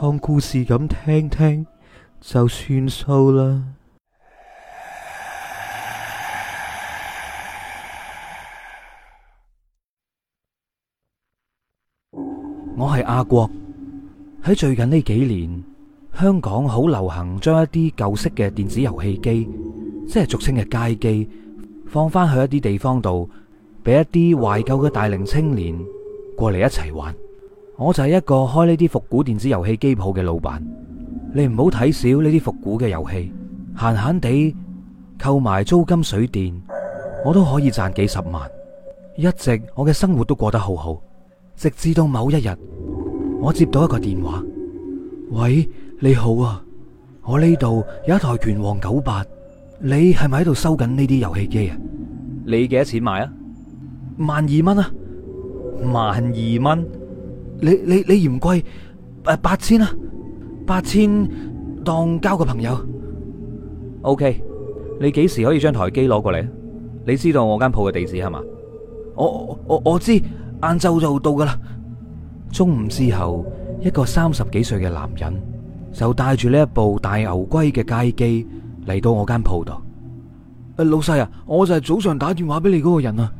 當故事咁聽聽就算數啦。我係阿國，喺最近呢幾年，香港好流行將一啲舊式嘅電子遊戲機，即係俗稱嘅街機，放翻去一啲地方度，俾一啲懷舊嘅大齡青年過嚟一齊玩。我就係一個開呢啲複古電子遊戲機鋪嘅老闆，你唔好睇少呢啲複古嘅遊戲，閒閒地扣埋租金水電，我都可以賺幾十萬，一直我嘅生活都過得好好，直至到某一日，我接到一個電話。喂，你好啊，我呢度有一台拳王九八，你係咪喺度收緊呢啲遊戲機啊？你幾多錢買啊？萬二蚊啊，萬二蚊。你你你嫌貴，誒，八千啦，八千當交個朋友。OK，你幾時可以將台機攞過嚟？你知道我間鋪嘅地址係嘛？我我我知，晏晝就到噶啦。中午之後，一個三十幾歲嘅男人就帶住呢一部大牛龜嘅街機嚟到我間鋪度。誒，老細啊，我就係早上打電話俾你嗰個人啊。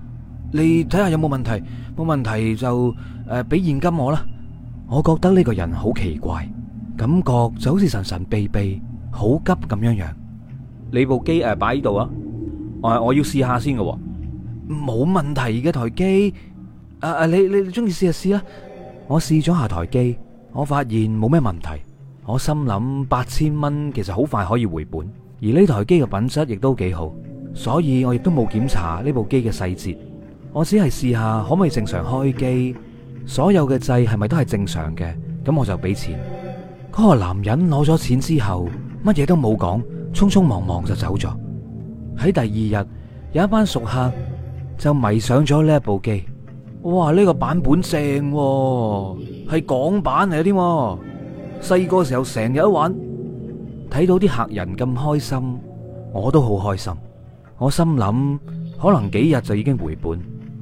你睇下有冇問題？冇問題就誒，俾、呃、現金我啦。我覺得呢個人好奇怪，感覺就好似神神秘秘，好急咁樣樣。你部機誒擺喺度啊，誒、呃呃，我要試下先嘅、哦。冇問題嘅台機，誒、呃、誒，你你中意試就試啦。我試咗下台機，我發現冇咩問題。我心諗八千蚊其實好快可以回本，而呢台機嘅品質亦都幾好，所以我亦都冇檢查呢部機嘅細節。我只係試下可唔可以正常開機，所有嘅掣係咪都係正常嘅？咁我就俾錢。嗰個男人攞咗錢之後，乜嘢都冇講，匆匆忙忙就走咗。喺第二日，有一班熟客就迷上咗呢一部機。哇！呢個版本正喎，係港版嚟添喎。細個時候成日都玩，睇到啲客人咁開心，我都好開心。我心諗可能幾日就已經回本。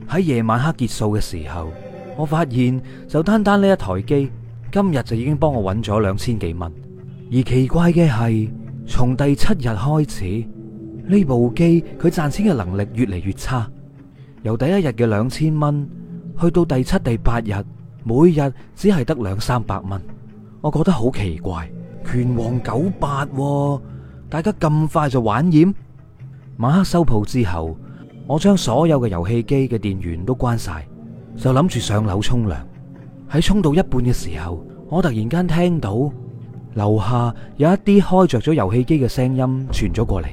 喺夜晚黑結束嘅時候，我發現就單單呢一台機，今日就已經幫我揾咗兩千幾蚊。而奇怪嘅係，從第七日開始，呢部機佢賺錢嘅能力越嚟越差。由第一日嘅兩千蚊，去到第七、第八日，每日只係得兩三百蚊。我覺得好奇怪，拳王九八喎，大家咁快就玩厭。晚黑收鋪之後。我將所有嘅遊戲機嘅電源都關晒，就諗住上樓沖涼。喺沖到一半嘅時候，我突然間聽到樓下有一啲開着咗遊戲機嘅聲音傳咗過嚟。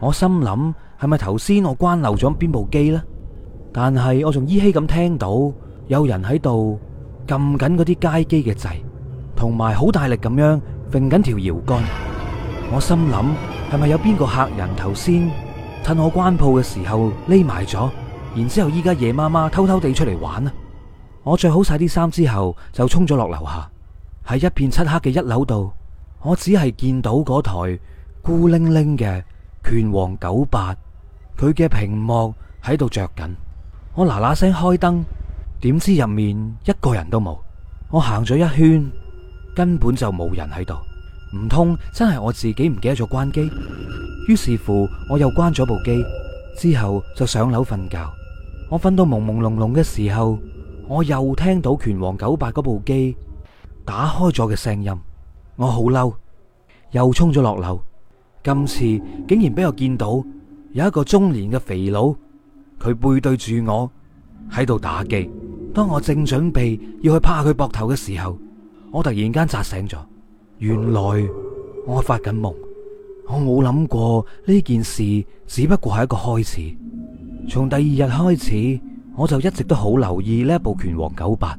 我心諗係咪頭先我關漏咗邊部機呢？但係我仲依稀咁聽到有人喺度撳緊嗰啲街機嘅掣，同埋好大力咁樣揈緊條搖桿。我心諗係咪有邊個客人頭先？.趁我關鋪嘅時候匿埋咗，然之後依家夜媽媽偷偷地出嚟玩啊！我着好晒啲衫之後，就衝咗落樓下，喺一片漆黑嘅一樓度，我只係見到嗰台孤零零嘅拳王九八，佢嘅屏幕喺度着緊。我嗱嗱聲開燈，點知入面一個人都冇。我行咗一圈，根本就冇人喺度。唔通真係我自己唔記得咗關機？於是乎我又關咗部機，之後就上樓瞓覺。我瞓到朦朦朧朧嘅時候，我又聽到拳皇九八嗰部機打開咗嘅聲音，我好嬲，又衝咗落樓。今次竟然俾我見到有一個中年嘅肥佬，佢背對住我喺度打機。當我正準備要去拍下佢膊頭嘅時候，我突然間扎醒咗。原來我發緊夢，我冇諗過呢件事只不過係一個開始。從第二日開始，我就一直都好留意呢部拳王九八。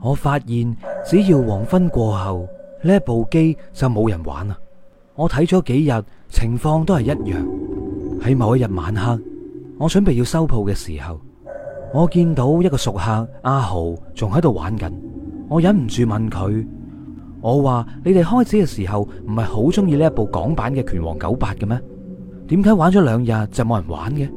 我發現只要黃昏過後，呢部機就冇人玩啦。我睇咗幾日，情況都係一樣。喺某一日晚黑，我準備要收鋪嘅時候，我見到一個熟客阿豪仲喺度玩緊，我忍唔住問佢。我話你哋開始嘅時候唔係好中意呢一部港版嘅拳王九八嘅咩？點解玩咗兩日就冇人玩嘅？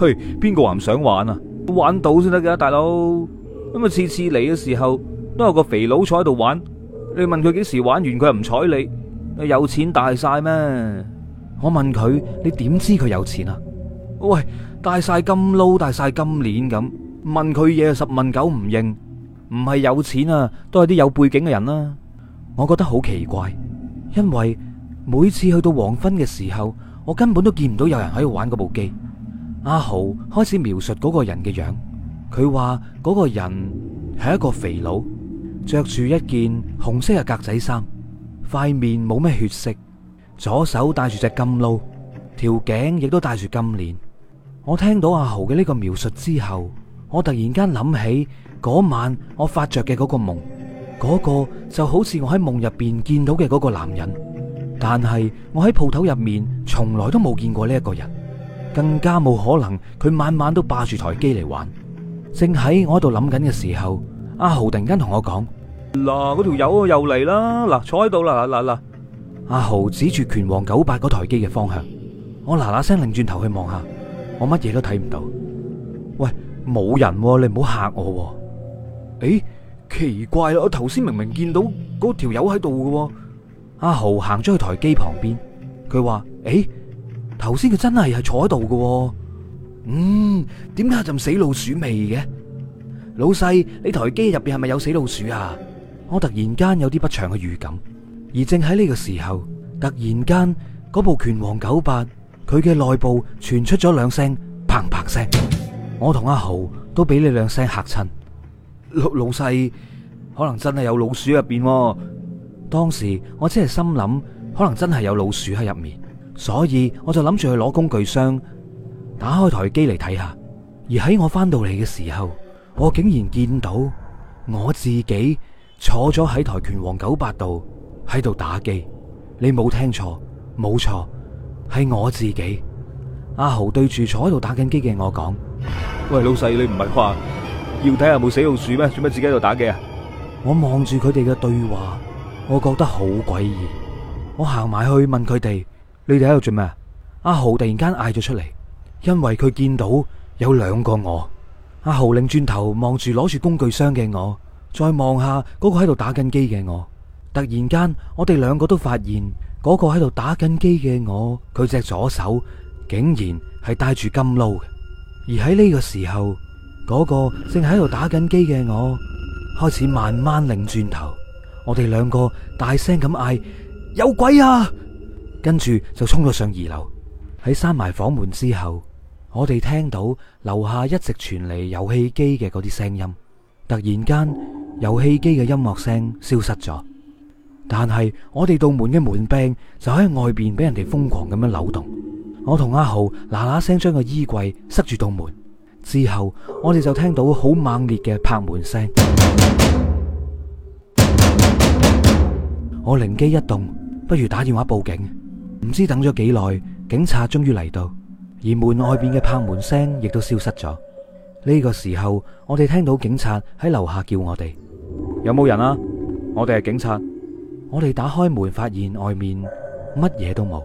去邊個話唔想玩啊？玩到先得嘅，大佬。咁啊，次次嚟嘅時候都有個肥佬坐喺度玩。你問佢幾時玩完，佢又唔睬你。你有錢大晒咩？我問佢，你點知佢有錢啊？喂，大晒金撈，大晒金鏈咁，問佢嘢十問九唔應，唔係有錢啊，都係啲有背景嘅人啦。我覺得好奇怪，因為每次去到黃昏嘅時候，我根本都見唔到有人喺度玩嗰部機。阿豪開始描述嗰個人嘅樣，佢話嗰個人係一個肥佬，着住一件紅色嘅格仔衫，塊面冇咩血色，左手戴住隻金勞，條頸亦都戴住金鏈。我聽到阿豪嘅呢個描述之後，我突然間諗起嗰晚我發着嘅嗰個夢。嗰個就好似我喺夢入邊見到嘅嗰個男人，但係我喺鋪頭入面從來都冇見過呢一個人，更加冇可能佢晚晚都霸住台機嚟玩。正喺我喺度諗緊嘅時候，阿豪突然間同我講：嗱、啊，嗰條友又嚟啦！嗱，坐喺度啦啦啦啦！啊啊啊、阿豪指住拳王九八嗰台機嘅方向，我嗱嗱聲擰轉頭去望下，我乜嘢都睇唔到。喂，冇人、啊，你唔好吓我、啊。誒、欸！奇怪啦，我頭先明明見到嗰條友喺度嘅，阿豪行咗去台機旁邊，佢話：誒、欸，頭先佢真係係坐喺度嘅，嗯，點解陣死老鼠味嘅？老細，你台機入邊係咪有死老鼠啊？我突然間有啲不祥嘅預感，而正喺呢個時候，突然間嗰部拳皇九八，佢嘅內部傳出咗兩聲砰砰聲，我同阿豪都俾你兩聲吓親。老老細可能真係有老鼠入邊，當時我真係心諗，可能真係有老鼠喺入面，所以我就諗住去攞工具箱，打開台機嚟睇下。而喺我返到嚟嘅時候，我竟然見到我自己坐咗喺台拳王九八度喺度打機。你冇聽錯，冇錯，係我自己。阿豪對住坐喺度打緊機嘅我講：「喂，老細，你唔係話？要睇下有冇死老鼠咩？做咩自己喺度打機啊？我望住佢哋嘅對話，我覺得好詭異。我行埋去問佢哋：你哋喺度做咩啊？阿豪突然間嗌咗出嚟，因為佢見到有兩個我。阿豪擰轉頭望住攞住工具箱嘅我，再望下嗰個喺度打緊機嘅我。突然間，我哋兩個都發現嗰個喺度打緊機嘅我，佢隻左手竟然係戴住金撈嘅。而喺呢個時候。嗰個正喺度打緊機嘅我，開始慢慢擰轉頭。我哋兩個大聲咁嗌：有鬼啊！跟住就衝咗上二樓。喺閂埋房門之後，我哋聽到樓下一直傳嚟遊戲機嘅嗰啲聲音。突然間，遊戲機嘅音樂聲消失咗，但係我哋度門嘅門柄就喺外邊俾人哋瘋狂咁樣扭動。我同阿豪嗱嗱聲將個衣櫃塞住度門。之後，我哋就聽到好猛烈嘅拍門聲。 我靈機一動，不如打電話報警。唔知等咗幾耐，警察終於嚟到，而門外邊嘅拍門聲亦都消失咗。呢個時候，我哋聽到警察喺樓下叫我哋：有冇人啊？我哋係警察。我哋打開門，發現外面乜嘢都冇。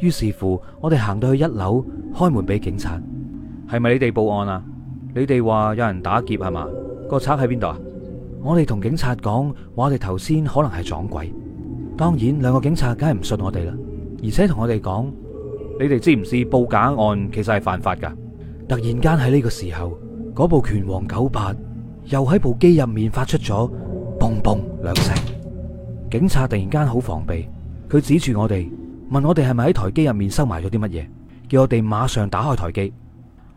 於是乎，我哋行到去一樓，開門俾警察。係咪你哋報案啊？你哋話有人打劫係嘛？個賊喺邊度啊？我哋同警察講，話我哋頭先可能係撞鬼。當然，兩個警察梗係唔信我哋啦。而且同我哋講，你哋知唔知報假案其實係犯法噶？突然間喺呢個時候，嗰部拳王九八又喺部機入面發出咗「嘣嘣」兩聲。警察突然間好防備，佢指住我哋問我哋係咪喺台機入面收埋咗啲乜嘢，叫我哋馬上打開台機。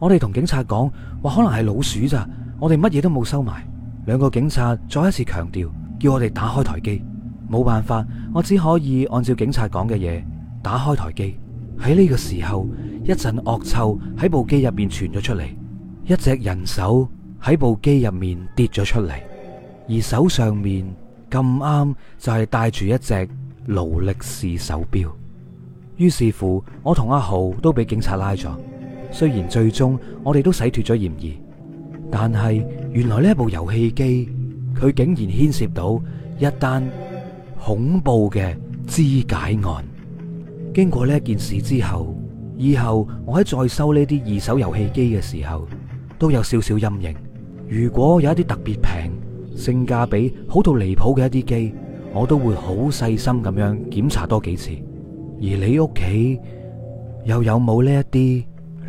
我哋同警察講，話可能係老鼠咋，我哋乜嘢都冇收埋。兩個警察再一次強調，叫我哋打開台機。冇辦法，我只可以按照警察講嘅嘢打開台機。喺呢個時候，一陣惡臭喺部機入面傳咗出嚟，一隻人手喺部機入面跌咗出嚟，而手上面咁啱就係戴住一隻勞力士手錶。於是乎，我同阿豪都俾警察拉咗。雖然最終我哋都洗脱咗嫌疑，但係原來呢部遊戲機，佢竟然牽涉到一單恐怖嘅肢解案。經過呢件事之後，以後我喺再收呢啲二手遊戲機嘅時候，都有少少陰影。如果有一啲特別平、性價比好到離譜嘅一啲機，我都會好細心咁樣檢查多幾次。而你屋企又有冇呢一啲？